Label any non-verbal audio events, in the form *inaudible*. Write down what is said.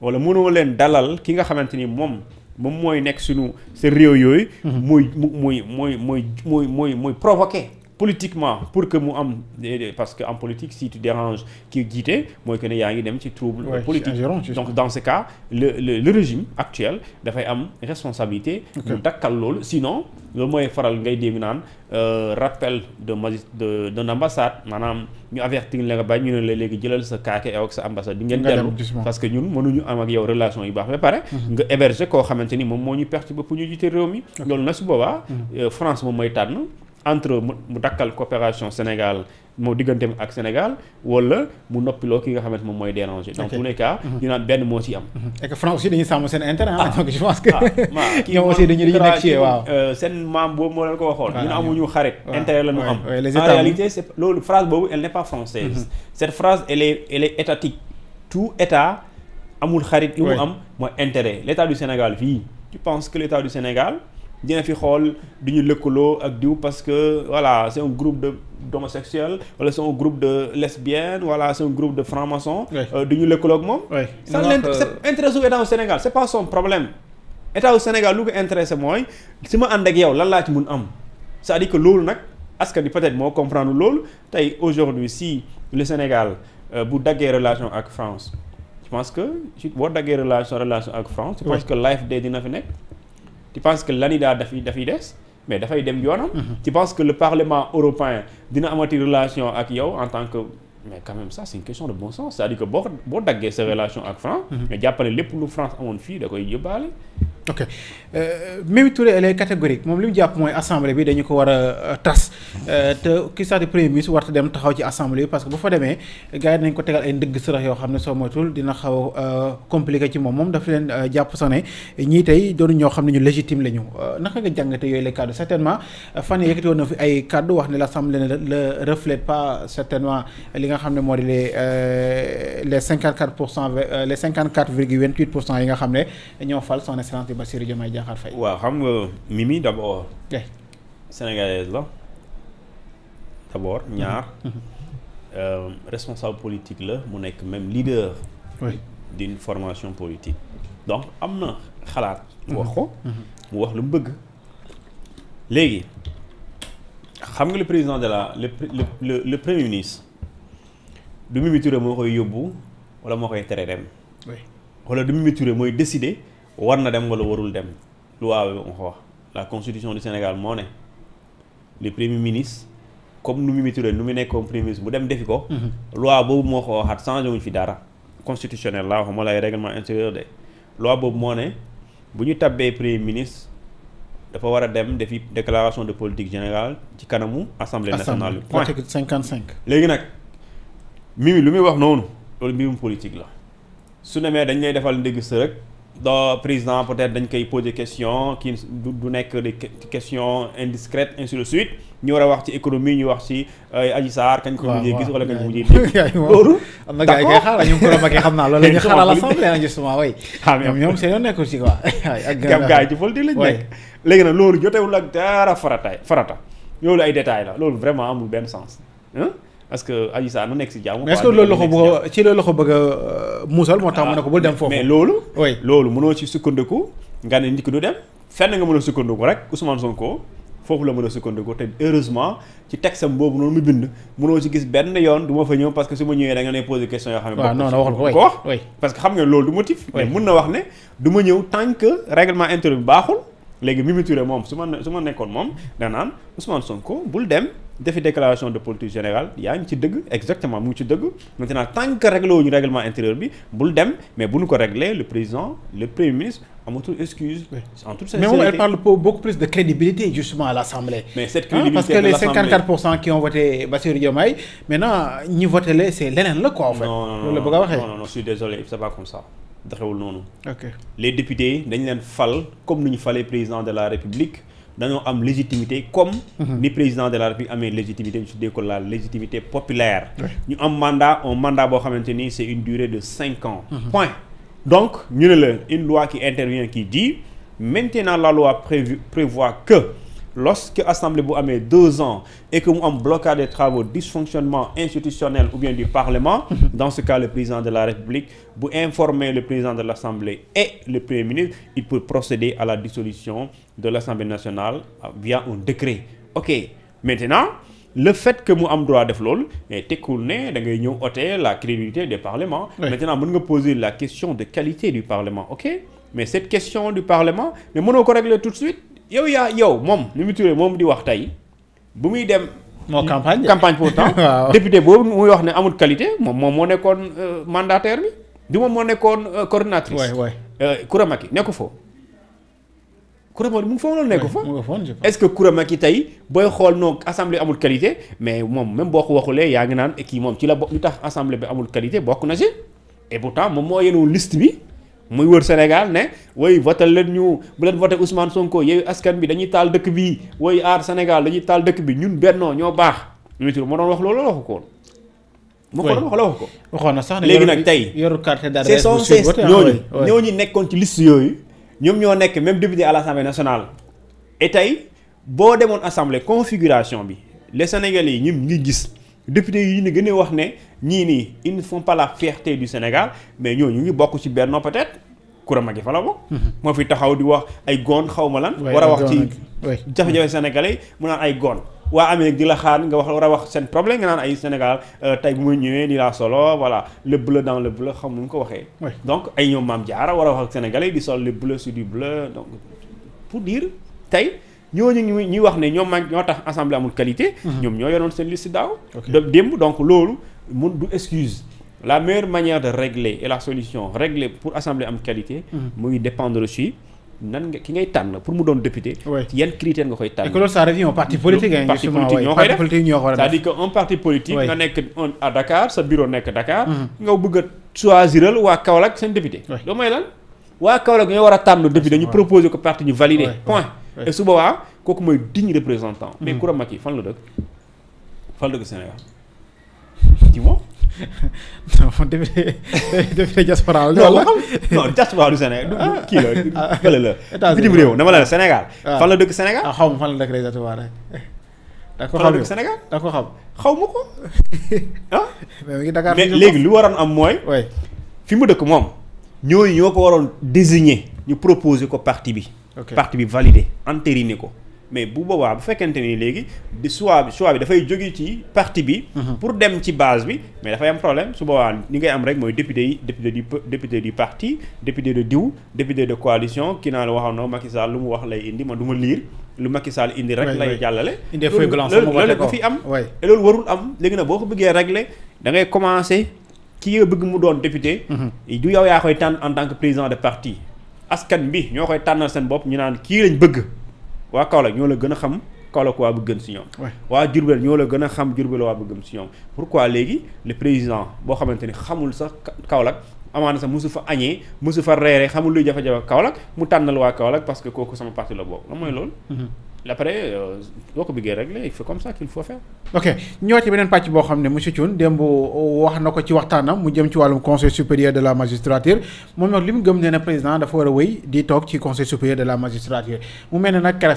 wala mënoo leen dalal ki nga xamante ni moom moom mooy nekk suñu seen réew yooyu. Mm-hmm. muy muy muy muy muy muy muy provoqué. politiquement pour que mu am parce que en politique si tu déranges kii jiite mooy que yaa ngi dem ci trouble politique donc dans ce cas le le, le régime actuel dafay am responsabilité mu dakkal loolu sinon loolu mooy faral ngay dégg naan euh, rappel de magist de d'un ambassade maanaam ñu avertir la nga bañ ñu ne la léegi jëlal sa kaake ak sa ambassade di ngeen dellu parce que ñun mënuñu am ak yow relation yu baax ba pare mhm. nga héberger koo xamante ni moom moo ñu perturber pour ñu jiite réew mi loolu nag su mhm. euh, mooy tànn entre mu dakkal coopération Sénégal moo digganteem ak Sénégal wala mu noppiloo ki nga xamante moom mooy déranger. donc tous les cas. Mhm. ñu naan benn moo ci am. Mhm. et que France aussi dañuy sàmm seen ah. *laughs* donc je pense que. Ah, *laughs* ñoom euh, moo ko waxoon. ñu ne amuñu ñu am en réalité c'est loolu phrase boobu elle n'est pas française. Mhm. cette phrase elle est elle est amul xarit. yu mu am mooy intérêt l' du Sénégal fii. tu penses du Sénégal. dina fi xool du ñu lëkkaloo ak diw parce que voilà c'est un groupe de d'homosexuels wala c'est un groupe de lesbiennes voilà c'est un groupe de francs euh, du ñu lëkkaloo ak moom ça l'intéresse euh, état au Sénégal c'est pas son problème état au Sénégal lu ko intéressé mooy si ma ànd ak yow lan laa ci mun am cest di dire que loolu nag askan bi peut-être moo comprendre loolu tey aujourd'hui si le Sénégal euh, bu daggee relation ak France je pense que boo daggee relation relation ak France je pense que life day dina tu penses que l'ANIDA dafay dafay des mais dafay dem yoonam. Mhm. tu penses que le parlement européen dina amati relation ak yow en tant que. mais quand même ça c'est une question de bon sens c'est-à-dire que boo boo daggee sa relation ak France. mais mhm. jàppale lépp lu France amoon fii da koy yóbbaale. ok euh, Mimi Touré elle est moom li jàpp mooy assemblée bi dañu ko war a euh, tas euh, te ki sax di premier ministre war dem taxaw ci assemblée bi parce que bu fa demee gars yi ko tegal ay ndëgg sërëx yoo xam ne soo moytul dina xaw compliqué ci moom moom dafa leen jàpp sax ñii tey doonu ñoo xam ne ñu légitime la naka nga jàngate yooyu les cadres certainement fan yëkkati woon na fi ay cadres ne l'assemblée ne pas certainement li nga xam ne moo di les les cinquante quatre pour cent Bassirou Diomaye Diakhar Faye. waaw xam nga Mimi d'abord. eh sénégalaise la d'abord ñaar. Mm-hmm. Mm-hmm. Euh, responsable politique la mu nekk même leader. oui d'une formation politique. donc am na xalaat. Mm-hmm. wax ko mu wax lu mu bëgg. léegi xam nga le président de la le le le premier ministre du Mimi Touré moo koy yóbbu wala moo koy tere dem. wala du Mimi Touré mooy décider. war na dem wala warul dem loi bi ma ko la constitution du Sénégal moo ne le premier ministre comme nu Mimi Touré nu muy nekkoon premier ministre bu dem defi ko. Mhm. loi boobu moo ko waxaat changé wuñ fi dara. constitutionnel laa waxuma lay règlement intérieur de loi boobu moo ne bu ñu tabbee premier ministre dafa war a dem defi déclaration de politique générale ci kanamu. assemblée nationale bi point article 55. léegi nag mi lu muy wax noonu loolu mbirum politique la su demee dañ lay defal ndégg sërëg donc président peut-être dañ koy poser question kii du nekk des question indiscrètes ainsi de suite ñu war a wax ci économie ñu wax ci euh, Adji Sarr kañ ko mujjee gis wala kañ na gars koy xam naa loolu la ñu xaaral assemblée na justement way ñoom ñoom seen yoon nekkul ci quoi *laughs* ak gars yi ci politique lañ nekk léegi nag loolu jotewul ak dara farataay farata loolu ay détails la loolu vraiment amul benn sens parce que Adji Sarr na nekk si jàmm. mais est-ce que loolu loolu euh, moo tax mu ne ko bul dem ah, foofu. mais loolu. oui loolu mënoo ci sukkandiku nga ne nit du dem fenn nga mën a sukkandiku rek Ousmane Sonko foofu la mën a sukkandiku te heureusement ci texte am boobu noonu mu bind mënoo ci gis benn yoon du fa ñëw parce que su ma ñëwee da nga ne poser question yoo xam ne. waaw non non ko wax parce que xam nga loolu du motif. mun na wax ne du ma ñëw tant que règlement intérieur bi baaxul. léegi Mimi Touré moom su ma su ma nekkoon moom da naan Ousmane Sonko bul dem defi déclaration de politique générale yaa ngi ci dëgg exactement mu ngi ci dëgg maintenant tant que réglé wuñu règlement intérieur bi bul dem mais bu ñu ko réglé le président le premier ministre amatul excuse. en toute sincérité mais moom elle parle pour beaucoup plus de crédibilité justement à l'Assemblée. mais parce que les 54 pour cent qui ont voté Bassirou Diomaye maintenant ñi voté le c'est leneen la waxee non non non je suis désolé doxewul noonu. ok les députés dañ leen fal comme lu ñu falee président de la république dañoo am légitimité comme. Mhm. ni président de la république amee légitimité ñu tuddee ko la légitimité populaire. ñu am mandat un mandat boo xamante ni c'est une durée de cinq ans. Mhm. point donc ñu ne la une loi qui intervient qui dit maintenant la loi prévu que. lorsque assemblée bu amee deux ans et que mu am blocage des travaux dysfonctionnement institutionnel ou bien du parlement mhm. dans ce cas le président de la république bu informer le président de l'assemblée et le premier ministre il peut procéder à la dissolution de l'assemblée nationale via un décret ok maintenant le fait que mu am droit def loolu mais tekkul ne da ngay ñëw ôter la maintenant mën nga poser la question de qualité du parlement ok mais cette question du parlement mais mënoo ko régler tout de suite yow yaa yow moom mu Touré moom di wax tey bu muy dem. moo campagne campagne pourtant *laughs* député boobu muy wax ne amul qualité moom moom moo nekkoon euh, mandataire bi du moom moo nekkoon euh, coordinatrice. waay waay Kouramaki nekku foo. Kouramaki mu ngi foofu noonu nekku fa. est-ce que ki tey booy xool noo assemblée amul qualité mais moom même boo ko waxulee yaa ngi naan kii moom ci la bokk lu tax assemblée bi amul qualité bokk na si et pourtant moom moo bi. muy wër Sénégal ne woy votel leen ñu bu leen voté Ousmane Sonko yeewu askan bi dañuy taal dëkk bi woy aar Sénégal dañuy taal dëkk bi ñun bennoo ñoo baax Mimi moo doon wax loolu waxu ko woon. moo ko doon wax la waxu ko. waxoon na sax léegi nag tey yoru carte d'adresse bu suy voté ah, ñooñu ñooñu nekkoon ci liste yooyu ñoom ñoo nekk même député à l'Assemblée nationale. et tey boo demoon assemblée configuration bi les sénégal yi ñun ngi gis. député yi ñu gën a wax ne ñii nii ils ne sont pas la fierté du Sénégal mais ñu ngi bokk ci benn peut-être Koura Macky fa la bokk. Mm-hmm. moo fi taxaw di wax ay goon xaw ma lan. war a wax ci jafe-jafe sénégalais mu naan ay goon. waa amee di la xaar nga wax war a wax seen problème nga naan ay Sénégal euh, tey bu muy ñëwee ni laa solo voilà le bleu dans le la xam nu mu ko waxee. donc ay ñëw maam jaara war a wax ak sénégalais di sol le bleu sur du bleu donc pour dire ñooñu ñu ñu wax ne ñoom ñoo tax assemblée amul qualité. Mhm. ñoom ñoo yoroon seen liste daaw. de démb donc loolu mun du excuse. la meilleure manière de régler et la solution régler pour assemblée am qualité. Mhm. mu ngi dépendre ci nan ki ngay tànn pour mu doon député. ci yan critères nga koy tànn. et que loolu ça revient au parti politique. ñoo koy def c'est-à-dire que un parti politique. nga nekk un à Dakar sa bureau nekk Dakar. Mhm. nga bëgg a choisiral waa Kaolack seen député. loolu mooy lan waa Kaolack ñoo war a tànn député ñu proposé ko parti ñu validé point. et su boobaa kooku mooy digne représentant. Mm. mais Coura Macky fan la dëkk fan la dëkk Sénégal ci moom. *laughs* non député *laughs* député diaspora la. du Sénégal du kii la ah. fële la. Ah. dëkk ah, xaw ma fan la dëkk exactement Sénégal da ko xam. xaw ma ko *laughs* ah. léegi lu waroon am mooy. fi mu dëkk moom. ñooñu ñoo ko waroon désigner. ñu proposer ko parti bi. parti bi validé entériné ko mais bu boobaa bu fekkente ni léegi di choix bi choix bi dafay jóge ci parti bi. Mhm. pour dem ci base bi mais dafay am problème su boobaa li ngay am rek mooy député yi député du député du parti député de diw député de coalition ki naa la waxoon na Macky lu mu wax lay indi man du ma liir lu Macky Sall indi rek. lay jàllale. indee loolu ko fi am. te loolu warul am léegi nag boo ko bëggee régler da ngay commencer ki nga bëgg mu doon député. Mhm. du yow yaa koy askan bi ñoo koy tànnal seen bopp ñu naan kii lañ bëgg waa Kaolack ñoo la gën a xam Kaolack waa bu gën si ñoom waa Diourbel ñoo la gën a xam Diourbel waa bu gën si ñoom pourquoi léegi le président boo xamante ni xamul sax Kaolack amaana sa mosu fa añee mosu fa reere xamul luy jafe-jafe Kaolack mu tànnal waa kawlak parce que kooku sama parti la boobu la mooy loolu mm-hmm. après euh, boo ko bëggee régler c'est comme ça qu'il faut faire. ok ñëwaat ci beneen pàcc boo xam ne monsieur Thioune démb wax na ko ci waxtaanam mu jëm ci wàllum conseil supérieur de la magistrature moom nag li mu gëm ne na président dafa war a wéy di toog ci conseil supérieur de la magistrature mu mel ne nag sax